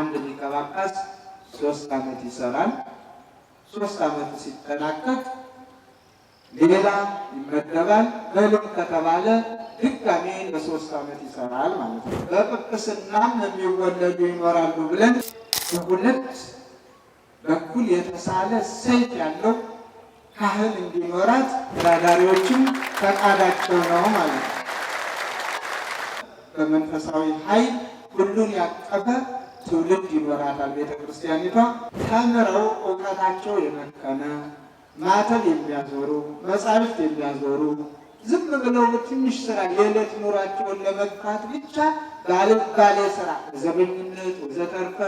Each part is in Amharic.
አንድ ሊቀ ጳጳስ ሶስት ዓመት ይሰራል። ሶስት ዓመት ሲጠናቀቅ ሌላ ይመደባል። በልም ከተባለ ድጋሜ ለሶስት ዓመት ይሰራል ማለት ነው። በጵጵስናም የሚወለዱ ይኖራሉ ብለን በሁለት በኩል የተሳለ ሰይፍ ያለው ካህን እንዲኖራት ተዳዳሪዎችም ፈቃዳቸው ነው ማለት ነው። በመንፈሳዊ ኃይል ሁሉን ያቀፈ ትውልድ ይኖራታል ቤተክርስቲያኒቷ። ተምረው እውቀታቸው የመከነ ማተብ የሚያዞሩ መጻሕፍት የሚያዞሩ ዝም ብለው በትንሽ ስራ የዕለት ኑሯቸውን ለመግፋት ብቻ ባለባሌ ስራ ዘበኝነት ወዘተርፈ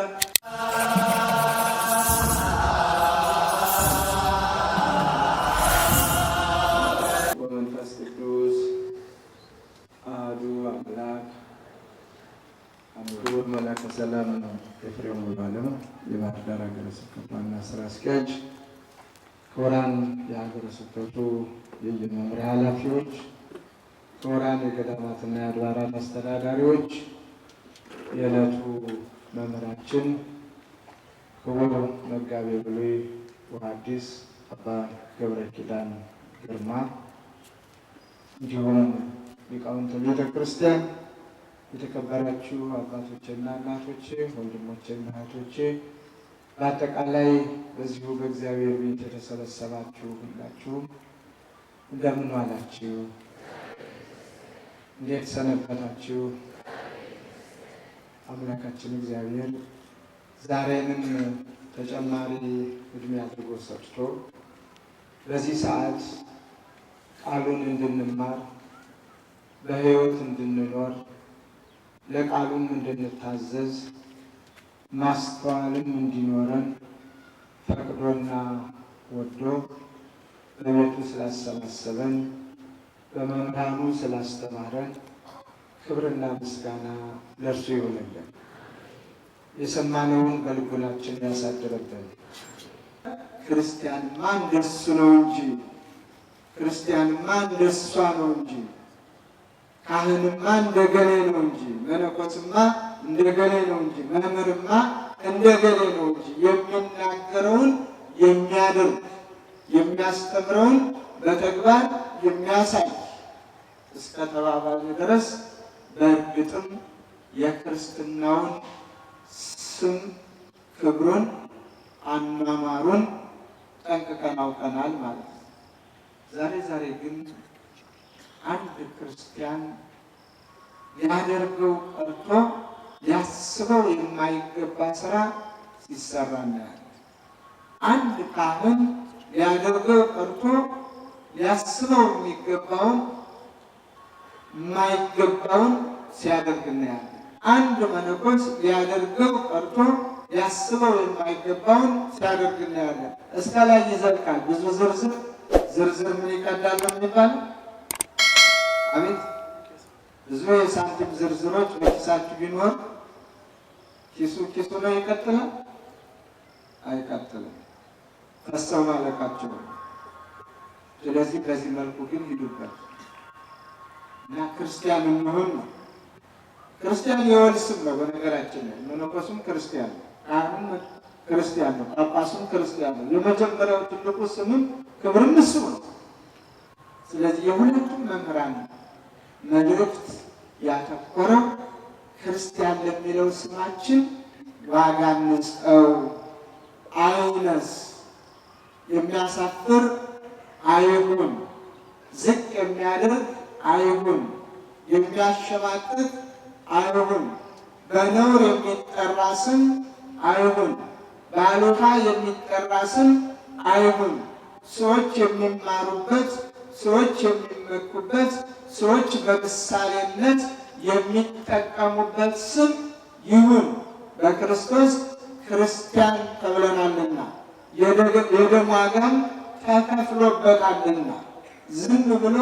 ባህርዳር ሀገረ ስብከት ዋና ስራ አስኪያጅ፣ ክቡራን የሀገረ ስብከቱ የየመምሪያ ኃላፊዎች፣ ክቡራን የገዳማትና የአድባራት አስተዳዳሪዎች፣ የዕለቱ መምህራችን ክቡር መጋቤ ብሉይ ወሐዲስ አባ ገብረ ኪዳን ግርማ እንዲሁም ሊቃውንተ ቤተ ክርስቲያን የተከበራችሁ አባቶቼና እናቶቼ፣ ወንድሞቼና እህቶቼ በአጠቃላይ በዚሁ በእግዚአብሔር ቤት የተሰበሰባችሁ ሁላችሁም እንደምን ዋላችሁ? እንዴት ሰነበታችሁ? አምላካችን እግዚአብሔር ዛሬንም ተጨማሪ እድሜ አድርጎ ሰጥቶ በዚህ ሰዓት ቃሉን እንድንማር በሕይወት እንድንኖር ለቃሉም እንድንታዘዝ ማስተዋልም እንዲኖረን ፈቅዶና ወዶ በቤቱ ስላሰባሰበን በመምህራኑ ስላስተማረን ክብርና ምስጋና ለእርሱ ይሆንልን። የሰማነውን በልቡናችን ያሳድርብን። ክርስቲያንማ ደሱ ነው እንጂ ክርስቲያንማ ደሷ ነው እንጂ ካህንማ እንደገኔ ነው እንጂ መነኮስማ እንደገሌ ነው እንጂ መምህርማ እንደገሌ ነው እንጂ የሚናገረውን የሚያደርግ የሚያስተምረውን በተግባር የሚያሳይ እስከ ተባባሪ ድረስ በእርግጥም የክርስትናውን ስም ክብሩን አኗኗሩን ጠንቅቀን አውቀናል ማለት ነው። ዛሬ ዛሬ ግን አንድ ክርስቲያን ያደርገው ቀርቶ ሊያስበው የማይገባ ስራ ሲሰራ አንድ ካህን ሊያደርገው ቀርቶ ሊያስበው የሚገባውን የማይገባውን ሲያደርግ እናያለን። አንድ መነኮስ ሊያደርገው ቀርቶ ሊያስበው የማይገባውን ሲያደርግ እናያለን። እስከ ላይ ይዘልቃል። ብዙ ዝርዝር ዝርዝር ምን ይቀዳል የሚባል አቤት ብዙ የሳንቲም ዝርዝሮች በኪሳችሁ ቢኖር ኪሱ ኪሱ ላይ ይቀጥላል አይቀጥልም። ተሰው ማለቃቸው። ስለዚህ በዚህ መልኩ ግን ሂዱበት እና ክርስቲያን እንሆን ነው። ክርስቲያን የወል ስም ነው። በነገራችን ላይ መነኮሱም ክርስቲያን ነው፣ ካህኑም ክርስቲያን ነው፣ ጳጳሱም ክርስቲያን ነው። የመጀመሪያው ትልቁ ስምም ክብርም ስም ነው። ስለዚህ የሁለቱም መምህራን ነው። መልእክት ያተኮረው ክርስቲያን ለሚለው ስማችን ዋጋ አይነስ የሚያሳፍር አይሁን፣ ዝቅ የሚያደርግ አይሁን፣ የሚያሸማቅቅ አይሁን፣ በነውር የሚጠራ ስም አይሁን፣ በአሉታ የሚጠራ ስም አይሁን። ሰዎች የሚማሩበት፣ ሰዎች የሚመኩበት ሰዎች በምሳሌነት የሚጠቀሙበት ስም ይሁን በክርስቶስ ክርስቲያን ተብለናልና የደም ዋጋም ተከፍሎበታልና ዝም ብሎ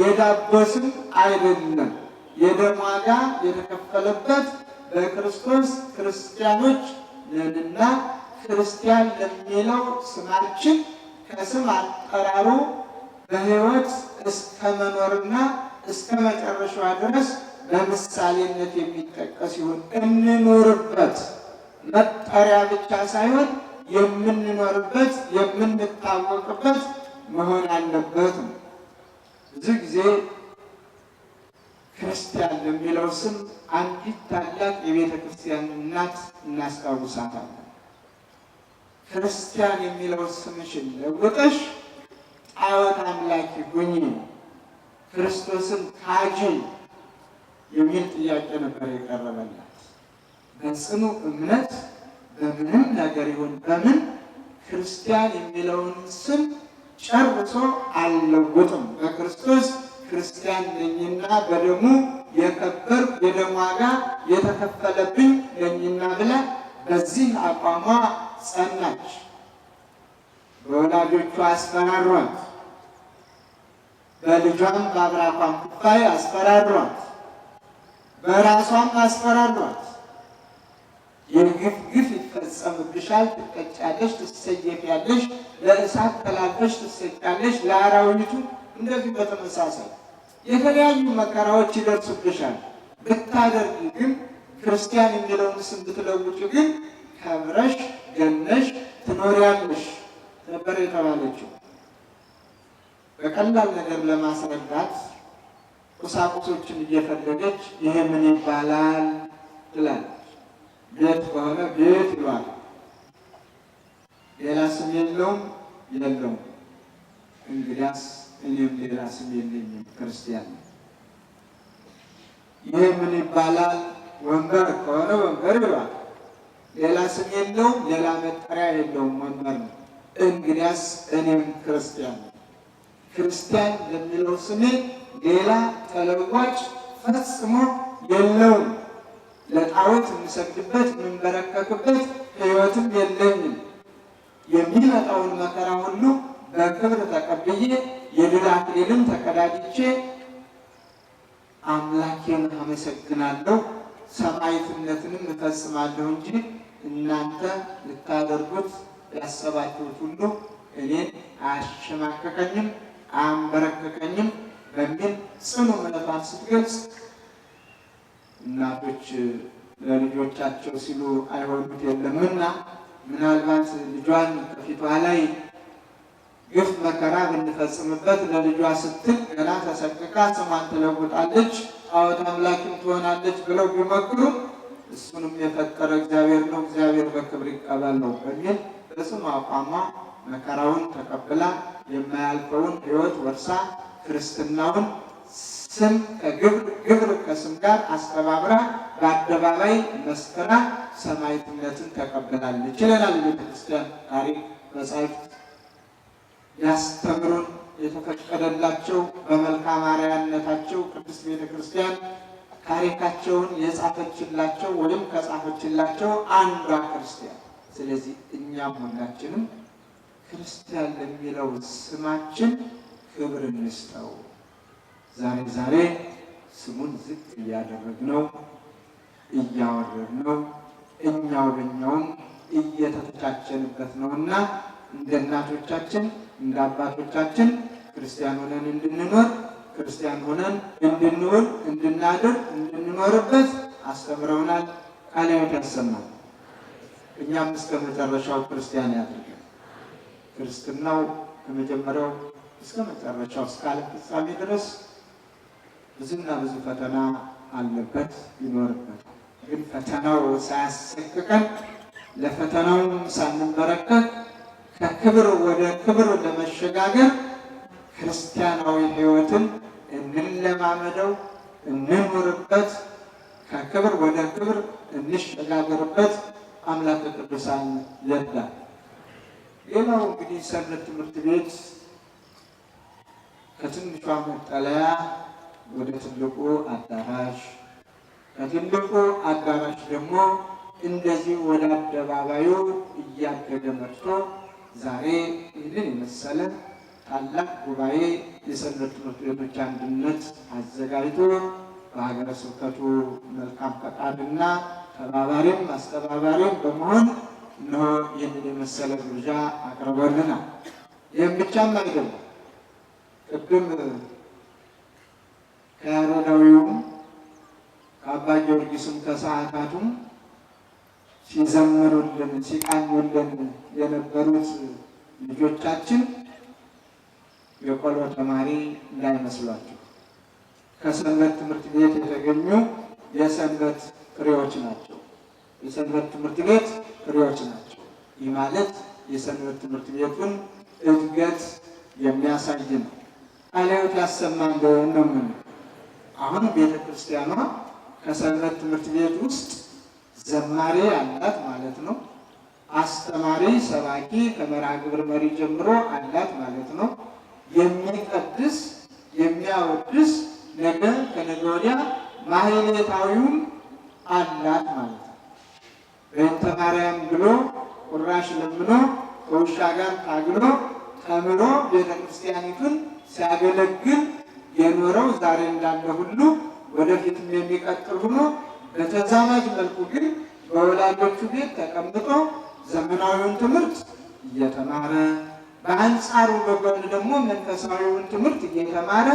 የዳቦ ስም አይደለም። የደም ዋጋ የተከፈለበት በክርስቶስ ክርስቲያኖች ነንና ክርስቲያን ለሚለው ስማችን ከስም አጠራሩ በህይወት እስከ መኖርና እስከ መጨረሻዋ ድረስ በምሳሌነት የሚጠቀስ ይሁን። እንኖርበት መጠሪያ ብቻ ሳይሆን የምንኖርበት የምንታወቅበት መሆን አለበት። ብዙ ጊዜ ክርስቲያን የሚለው ስም አንዲት ታላቅ የቤተ ክርስቲያን እናት እናስታውሳታለን። ክርስቲያን የሚለው ስምሽን ለውጠሽ ጣዖት አምላኪ ሁኝ ክርስቶስን ካጂ የሚል ጥያቄ ነበር የቀረበላት። በጽኑ እምነት በምንም ነገር ይሁን በምን ክርስቲያን የሚለውን ስም ጨርሶ አልለውጥም፣ በክርስቶስ ክርስቲያን ነኝና በደሙ የከበር የደም ዋጋ የተከፈለብኝ ነኝና ብላ በዚህ አቋሟ ጸናች። በወላጆቿ አስፈራሯት፣ በልጇም በአብራኳም ኩፋይ አስፈራሯት፣ በራሷም አስፈራሯት። የግፍ ግፍ ይፈጸምብሻል፣ ትቀጫለሽ፣ ትሰየፊያለሽ፣ ለእሳት ተላልፈሽ ትሰጫለሽ፣ ለአራዊቱ እንደዚህ በተመሳሳይ የተለያዩ መከራዎች ይደርሱብሻል። ብታደርጊ ግን ክርስቲያን የሚለውን ስም ብትለውጪ ግን ከብረሽ ገነሽ ትኖሪያለሽ። ነበር የተባለችው። በቀላል ነገር ለማስረዳት ቁሳቁሶችን እየፈለገች ይሄ ምን ይባላል ትላለች። ቤት ከሆነ ቤት ይሏል። ሌላ ስም የለውም የለውም። እንግዲያስ እኔም ሌላ ስም የለኝም ክርስቲያን። ይሄ ምን ይባላል? ወንበር ከሆነ ወንበር ይሏል። ሌላ ስም የለውም፣ ሌላ መጠሪያ የለውም፣ ወንበር ነው። እንግዲያስ እኔም ክርስቲያን ነው። ክርስቲያን ለሚለው ስንል ሌላ ተለዋጭ ፈጽሞ የለውም። ለጣዖት የምሰግድበት የምንበረከክበት ህይወትም የለኝም። የሚመጣውን መከራ ሁሉ በክብር ተቀብዬ የድል አክሊልን ተቀዳጅቼ አምላኬን አመሰግናለሁ ሰማዕትነትንም እፈጽማለሁ እንጂ እናንተ ልታደርጉት ያሰባችሁት ሁሉ እኔን አያሸማቀቀኝም፣ አያንበረከከኝም በሚል ጽኑ እምነቷን ስትገልጽ እናቶች ለልጆቻቸው ሲሉ አይሆኑት የለምና ምናልባት ልጇን ከፊቷ ላይ ግፍ መከራ ብንፈጽምበት ለልጇ ስትል ገና ተሰቅቃ ስሟን ትለውጣለች፣ ጣዖት አምላኪም ትሆናለች ብለው ቢመክሩ እሱንም የፈጠረ እግዚአብሔር ነው፣ እግዚአብሔር በክብር ነው በሚል በጽኑ አቋሟ መከራውን ተቀብላ የማያልፈውን ሕይወት ወርሳ ክርስትናውን ስም ከግብር ግብር ከስም ጋር አስተባብራ በአደባባይ መስክራ ሰማዕትነትን ተቀብላለች ችለናል ቤተክርስቲያን ታሪክ። መጻሕፍት ያስተምሩን የተፈቀደላቸው በመልካም አርአያነታቸው ቅድስት ቤተክርስቲያን ታሪካቸውን የጻፈችላቸው ወይም ከጻፈችላቸው አንዷ ክርስቲያን ስለዚህ እኛም ሁላችንም ክርስቲያን ለሚለው ስማችን ክብር እንስጠው። ዛሬ ዛሬ ስሙን ዝቅ እያወረድ ነው እኛው ለእኛውም እየተተቻቸንበት ነውና እንደ እናቶቻችን እንደ አባቶቻችን ክርስቲያን ሆነን እንድንኖር ክርስቲያን ሆነን እንድንውል እንድናድር እንድንኖርበት አስተምረውናል። ቃለ ያሰማል። እኛም እስከ መጨረሻው ክርስቲያን ያድርገን። ክርስትናው ከመጀመሪያው እስከ መጨረሻው እስከ ዓለም ፍጻሜ ድረስ ብዙና ብዙ ፈተና አለበት ይኖርበታል። ግን ፈተናው ሳያሰቅቀን ለፈተናውም ሳንበረከት ከክብር ወደ ክብር ለመሸጋገር ክርስቲያናዊ ሕይወትን እንለማመደው፣ እንኖርበት፣ ከክብር ወደ ክብር እንሸጋገርበት። አምላከ ቅዱሳን ለዳ። ሌላው እንግዲህ ሰንበት ትምህርት ቤት ከትንሿ መጠለያ ወደ ትልቁ አዳራሽ፣ ከትልቁ አዳራሽ ደግሞ እንደዚህ ወደ አደባባዩ እያደገ መጥቶ ዛሬ ይህንን የመሰለ ታላቅ ጉባኤ የሰንበት ትምህርት ቤቶች አንድነት አዘጋጅቶ በሀገረ ስብከቱ መልካም ፈቃድና ተባባሪም አስተባባሪም በመሆን እነሆ ይህንን የመሰለ ግብዣ አቅርበልናል። ይህም ብቻም አይደለም። ቅድም ከያሬዳዊውም ከአባ ጊዮርጊስም ከሰዓታቱም ሲዘምሩልን ሲቃኙልን የነበሩት ልጆቻችን የቆሎ ተማሪ እንዳይመስሏቸው ከሰንበት ትምህርት ቤት የተገኙ የሰንበት ፍሬዎች ናቸው። የሰንበት ትምህርት ቤት ፍሬዎች ናቸው። ይህ ማለት የሰንበት ትምህርት ቤቱን እድገት የሚያሳይ ነው። ቃላዊት ያሰማ እንደሆን ነው ምን አሁን ቤተ ክርስቲያኗ ከሰንበት ትምህርት ቤት ውስጥ ዘማሪ አላት ማለት ነው። አስተማሪ፣ ሰባኪ ከመርሃ ግብር መሪ ጀምሮ አላት ማለት ነው። የሚቀድስ የሚያወድስ ነገ ከነገ ወዲያ ማህሌታዊውም አላት ማለት ነው። በእንተ ማርያም ብሎ ቁራሽ ለምኖ ከውሻ ጋር ታግሎ ተምሮ ቤተ ክርስቲያኒቱን ሲያገለግል የኖረው ዛሬ እንዳለ ሁሉ ወደፊትም የሚቀጥል ሆኖ በተዛማጅ መልኩ ግን በወላጆቹ ቤት ተቀምጦ ዘመናዊውን ትምህርት እየተማረ በአንጻሩ በጎን ደግሞ መንፈሳዊውን ትምህርት እየተማረ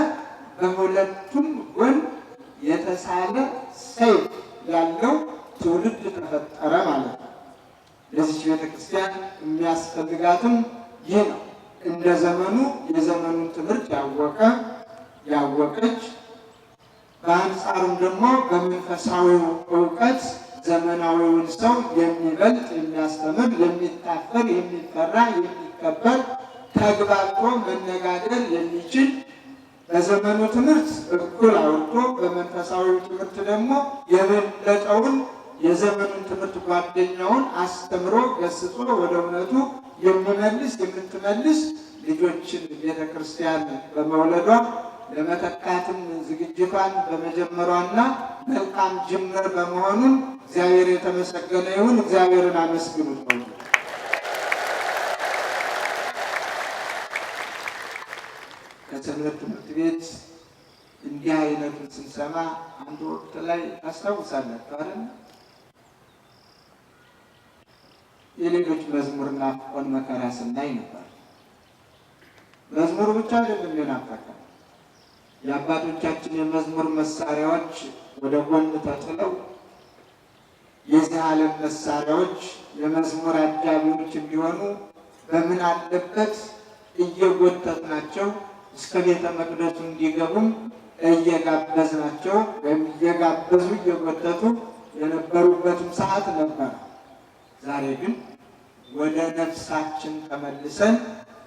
በሁለቱም ጎን የተሳለ ሰይፍ ያለው ትውልድ ተፈጠረ ማለት ነው። ለዚች ቤተክርስቲያን የሚያስፈልጋትም ይህ ነው። እንደ ዘመኑ የዘመኑን ትምህርት ያወቀ ያወቀች በአንጻሩም ደግሞ በመንፈሳዊው እውቀት ዘመናዊውን ሰው የሚበልጥ የሚያስተምር፣ የሚታፈር፣ የሚፈራ፣ የሚከበር ተግባብቶ መነጋገር የሚችል ለዘመኑ ትምህርት እኩል አውርቶ በመንፈሳዊ ትምህርት ደግሞ የበለጠውን የዘመኑን ትምህርት ጓደኛውን አስተምሮ ገስጾ ወደ እውነቱ የምመልስ የምትመልስ ልጆችን ቤተክርስቲያን በመውለዷ ለመተካትም ዝግጅቷን በመጀመሯና መልካም ጅምር በመሆኑን እግዚአብሔር የተመሰገነ ይሁን። እግዚአብሔርን አመስግኑት ነው። በሰንበት ትምህርት ቤት እንዲህ አይነቱን ስንሰማ አንድ ወቅት ላይ ታስታውሳላችሁ አይደል? የሌሎች መዝሙርና ፍቆን መከራ ስናይ ነበር። መዝሙር ብቻ አይደለም የናፈቀን፣ የአባቶቻችን የመዝሙር መሳሪያዎች ወደ ጎን ተጥለው የዚህ ዓለም መሳሪያዎች የመዝሙር አጃቢዎች እንዲሆኑ በምን አለበት እየጎተት ናቸው? እስከ ቤተ መቅደሱ እንዲገቡም ናቸው ወይም እየጋበዙ እየጎተቱ የነበሩበትም ሰዓት ነበር። ዛሬ ግን ወደ ነፍሳችን ተመልሰን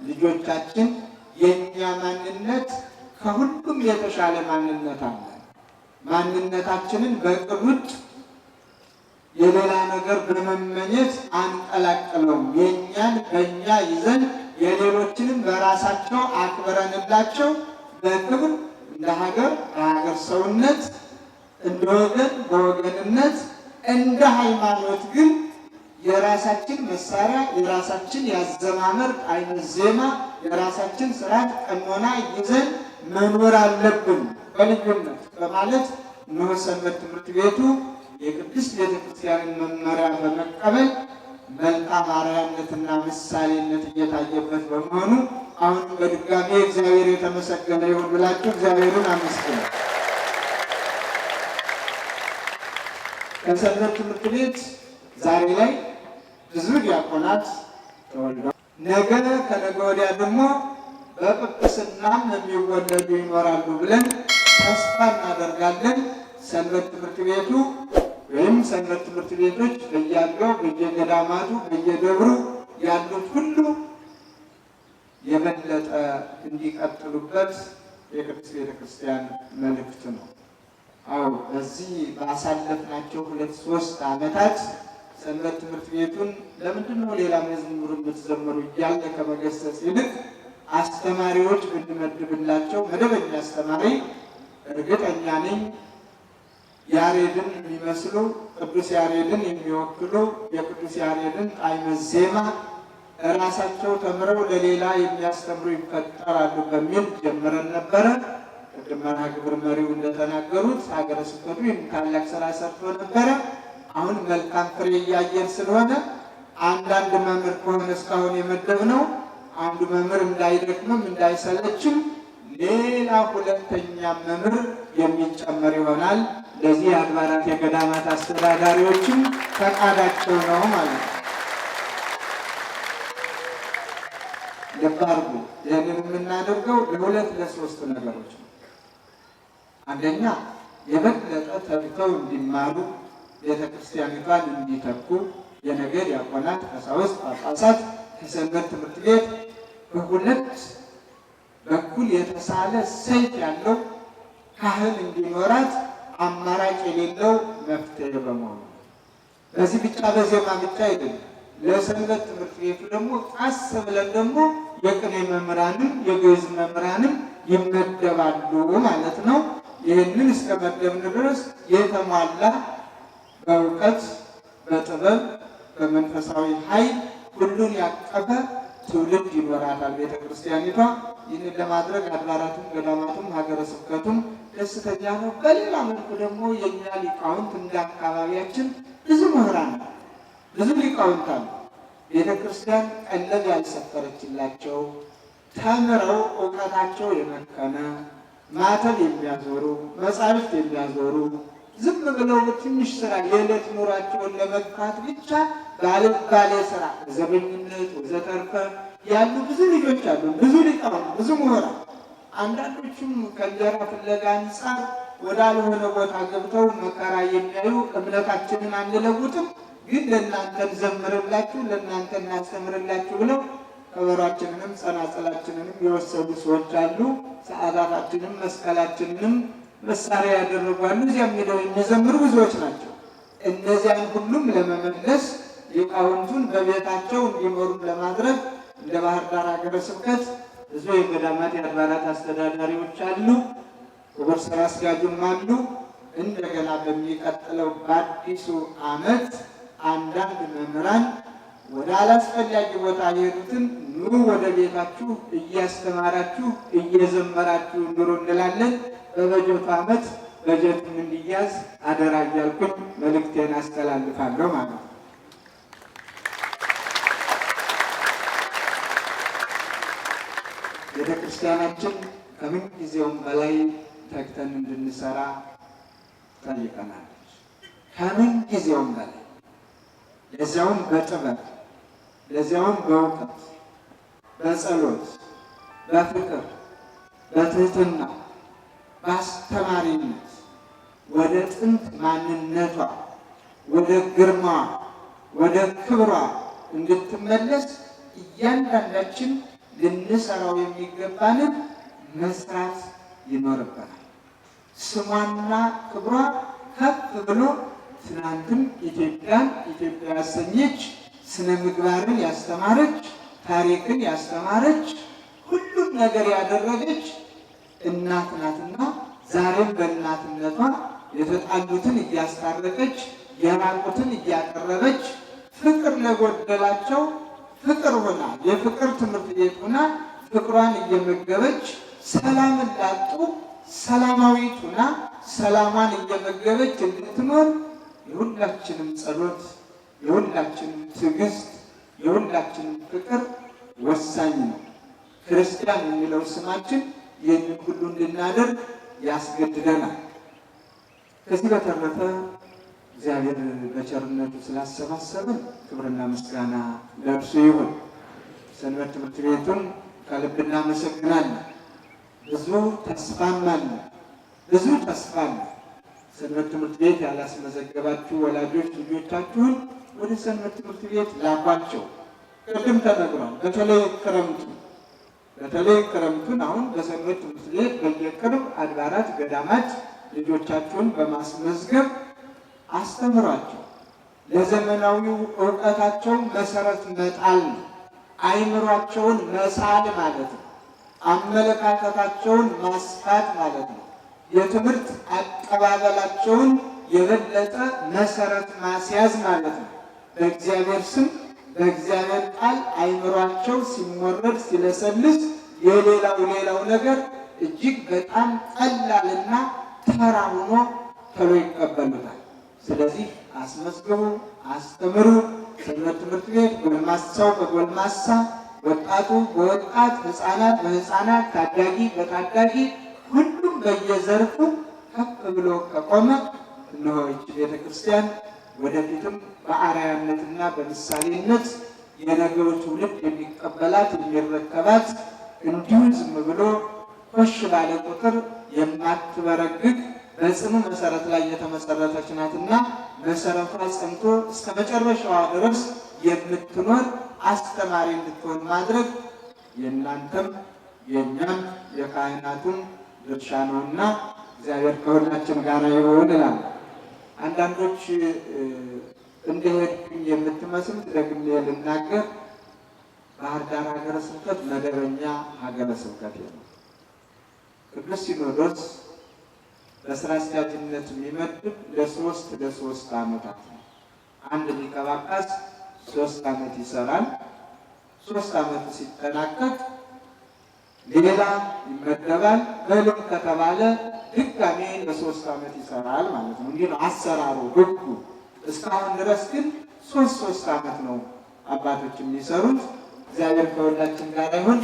ልጆቻችን የእኛ ማንነት ከሁሉም የተሻለ ማንነት አለ። ማንነታችንን በቅሩጭ የሌላ ነገር በመመኘት አንቀላቅለውም። የእኛን በእኛ ይዘን የሌሎችንም በራሳቸው አክብረንላቸው በክብር እንደ ሀገር በሀገር ሰውነት እንደ ወገን በወገንነት እንደ ሃይማኖት ግን የራሳችን መሳሪያ የራሳችን ያዘማመር አይነት ዜማ የራሳችን ስርዓት ቀኖና ይዘን መኖር አለብን በልዩነት በማለት እነሆ ሰንበት ትምህርት ቤቱ የቅድስት ቤተክርስቲያንን መመሪያ በመቀበል መልካም አርአያነትና ምሳሌነት እየታየበት በመሆኑ አሁን በድጋሚ እግዚአብሔር የተመሰገነ ይሁን ብላችሁ እግዚአብሔርን አመስግኑ። ከሰንበት ትምህርት ቤት ዛሬ ላይ ብዙ ዲያቆናት ተወልደው ነገ ከነገ ወዲያ ደግሞ በጵጵስናም የሚወለዱ ይኖራሉ ብለን ተስፋ እናደርጋለን። ሰንበት ትምህርት ቤቱ ወይም ሰንበት ትምህርት ቤቶች በየአልጋው በየገዳማቱ በየደብሩ ያሉት ሁሉ የበለጠ እንዲቀጥሉበት የቅዱስ ቤተክርስቲያን መልእክት ነው። አው እዚህ ባሳለፍናቸው ሁለት ሶስት ዓመታት ሰንበት ትምህርት ቤቱን ለምንድን ነው ሌላ መዝሙር የምትዘምሩ እያለ ከመገሰጽ ይልቅ አስተማሪዎች ብንመድብላቸው መደበኛ አስተማሪ እርግጠኛ ነኝ ያሬድን የሚመስሉ ቅዱስ ያሬድን የሚወክሉ የቅዱስ ያሬድን ጣዕመ ዜማ ራሳቸው ተምረው ለሌላ የሚያስተምሩ ይፈጠራሉ በሚል ጀምረን ነበረ። ቅድም መርሃ ግብር መሪው እንደተናገሩት ሀገረ ስብከቱ ይህን ታላቅ ስራ ሰርቶ ነበረ። አሁን መልካም ፍሬ እያየን ስለሆነ አንዳንድ መምህር ከሆነ እስካሁን የመደብ ነው አንዱ መምህር እንዳይደክምም እንዳይሰለችም ሌላ ሁለተኛ መምህር የሚጨመር ይሆናል። ለዚህ የአድባራት የገዳማት አስተዳዳሪዎችም ፈቃዳቸው ነው ማለት ነው። ልብ አድርጉ። ይህንን የምናደርገው ለሁለት ለሶስት ነገሮች ነው። አንደኛ የበለጠ ተብተው እንዲማሩ ቤተክርስቲያኒቷን እንዲተኩ የነገድ ያቆናት ቀሳውስት፣ ጳጳሳት ከሰንበት ትምህርት ቤት በሁለት በኩል የተሳለ ሰይፍ ያለው ካህን እንዲኖራት አማራጭ የሌለው መፍትሄ በመሆኑ በዚህ ብቻ በዜማ ብቻ አይደለም። ለሰንበት ትምህርት ቤቱ ደግሞ ቀስ ብለን ደግሞ የቅኔ መምህራንም የግዕዝ መምህራንም ይመደባሉ ማለት ነው። ይህንን እስከ መደብን ድረስ የተሟላ በእውቀት በጥበብ በመንፈሳዊ ኃይል ሁሉን ያቀፈ ትውልድ ይኖራታል ቤተ ክርስቲያኒቷ። ይህንን ለማድረግ አድባራቱም ገዳማቱም ሀገረ ስብከቱም ደስተኛ ነው። በሌላ መልኩ ደግሞ የእኛ ሊቃውንት እንደ አካባቢያችን ብዙ ምሁራን ብዙ ሊቃውንት አሉ። ቤተ ክርስቲያን ቀለብ ያልሰፈረችላቸው ተምረው እውቀታቸው የመከነ ማተብ የሚያዞሩ መጻሕፍት የሚያዞሩ ዝም ብለው ትንሽ ስራ የዕለት ኑሯቸውን ለመግፋት ብቻ ባለባሌ ስራ ዘበኝነት ዘተርፈ ያሉ ብዙ ልጆች አሉ፣ ብዙ ሊቃውንት፣ ብዙ ምሁራን። አንዳንዶቹም ከእንጀራ ፍለጋ አንጻር ወዳልሆነ ቦታ ገብተው መከራ የሚያዩ እምነታችንን አንለውጥም፣ ግን ለእናንተ እንዘምርላችሁ፣ ለእናንተ እናስተምርላችሁ ብለው ከበሯችንንም ጸናጸላችንንም የወሰዱ ሰዎች አሉ። ሰዓታታችንም መስቀላችንንም መሳሪያ ያደረጓሉ። እዚያም ሄደው የሚዘምሩ ብዙዎች ናቸው። እነዚያን ሁሉም ለመመለስ ሊቃውንቱን በቤታቸው እንዲኖሩ ለማድረግ እንደ ባህር ዳር ሀገረ ስብከት ብዙ የገዳማት የአድባራት አስተዳዳሪዎች አሉ፣ ክቡር ስራ አስኪያጁም አሉ። እንደገና በሚቀጥለው በአዲሱ ዓመት አንዳንድ መምህራን ወደ አላስፈላጊ ቦታ የሄዱትን ኑ ወደ ቤታችሁ እያስተማራችሁ እየዘመራችሁ ኑሮ እንላለን። በበጀቱ ዓመት በጀቱን እንዲያዝ አደራ እያልኩኝ መልእክቴን አስተላልፋለሁ ማለት ነው። ቤተ ክርስቲያናችን ከምን ጊዜውም በላይ ተግተን እንድንሰራ ጠይቀናለች። ከምን ጊዜውም በላይ ለዚያውም በጥበብ ለዚያውም በእውቀት በጸሎት በፍቅር በትህትና በአስተማሪነት ወደ ጥንት ማንነቷ ወደ ግርማዋ ወደ ክብሯ እንድትመለስ እያንዳንዳችን ልንሰራው የሚገባንን መስራት ይኖርበታል። ስሟና ክብሯ ከፍ ብሎ ትናንትም ኢትዮጵያን ኢትዮጵያ ያሰኘች ስነ ምግባርን ያስተማረች ታሪክን ያስተማረች ሁሉም ነገር ያደረገች እናት ናትና ዛሬም በእናትነቷ የተጣሉትን እያስታረቀች የራቁትን እያቀረበች ፍቅር ለጎደላቸው ፍቅር ሆና የፍቅር ትምህርት ቤት ሆና ፍቅሯን እየመገበች ሰላምን ላጡ ሰላማዊት ሆና ሰላሟን እየመገበች እንድትኖር የሁላችንም ጸሎት፣ የሁላችንም ትዕግስት፣ የሁላችንም ፍቅር ወሳኝ ነው። ክርስቲያን የሚለው ስማችን ይህንን ሁሉ እንድናደርግ ያስገድደናል። ከዚህ በተረፈ እግዚአብሔር በቸርነቱ ስላሰባሰበን ክብርና ምስጋና ለእርሱ ይሁን። ሰንበት ትምህርት ቤቱን ከልብ እናመሰግናለን። ብዙ ተስፋም አለ፣ ብዙ ተስፋ አለ። ሰንበት ትምህርት ቤት ያላስመዘገባችሁ ወላጆች ልጆቻችሁን ወደ ሰንበት ትምህርት ቤት ላኳቸው። ቅድም ተነግሯል። በተለይ ክረምቱ በተለይ ክረምቱን አሁን በሰንበት ትምህርት ቤት በየቅርብ አድባራት ገዳማት ልጆቻችሁን በማስመዝገብ አስተምሯቸው ለዘመናዊው እውቀታቸው መሰረት መጣል ነው። አይምሯቸውን መሳል ማለት ነው። አመለካከታቸውን ማስፋት ማለት ነው። የትምህርት አቀባበላቸውን የበለጠ መሰረት ማስያዝ ማለት ነው። በእግዚአብሔር ስም በእግዚአብሔር ቃል አይምሯቸው ሲሞረድ ሲለሰልስ የሌላው ሌላው ነገር እጅግ በጣም ቀላልና ተራ ሆኖ ተሎ ይቀበሉታል። ስለዚህ አስመዝግቡ፣ አስተምሩ። ሰንበት ትምህርት ቤት ጎልማሳው በጎልማሳ ወጣቱ በወጣት ህፃናት በህፃናት ታዳጊ በታዳጊ ሁሉም በየዘርፉ ከፍ ብሎ ከቆመ እነሆ ይች ቤተ ክርስቲያን ወደፊትም በአርአያነትና በምሳሌነት የነገው ትውልድ የሚቀበላት የሚረከባት እንዲሁ ዝም ብሎ ኮሽ ባለ ቁጥር የማትበረግግ በጽኑ መሰረት ላይ የተመሰረተች ናትና መሰረቷ ጸንቶ እስከ መጨረሻዋ ድረስ የምትኖር አስተማሪ እንድትሆን ማድረግ የእናንተም የእኛም የካህናቱም ድርሻ ነውና እግዚአብሔር ከሁላችን ጋር ይሆንላል። አንዳንዶች እንደሄድኩኝ የምትመስል ደግሜ ልናገር፣ ባህር ዳር ሀገረ ስብከት መደበኛ ሀገረ ስብከት ነው። ቅዱስ ሲኖዶስ በስራ አስኪያጅነት የሚመድብ ለሶስት ለሶስት ዓመታት ነው። አንድ ሊቀ ጳጳስ ሶስት ዓመት ይሰራል። ሶስት ዓመት ሲጠናቀቅ ሌላ ይመደባል። በልም ከተባለ ድጋሜ ለሶስት ዓመት ይሰራል ማለት ነው። እንዲህ ነው አሰራሩ ህጉ። እስካሁን ድረስ ግን ሶስት ሶስት ዓመት ነው አባቶች የሚሰሩት። እግዚአብሔር ከሁላችን ጋር ይሁን።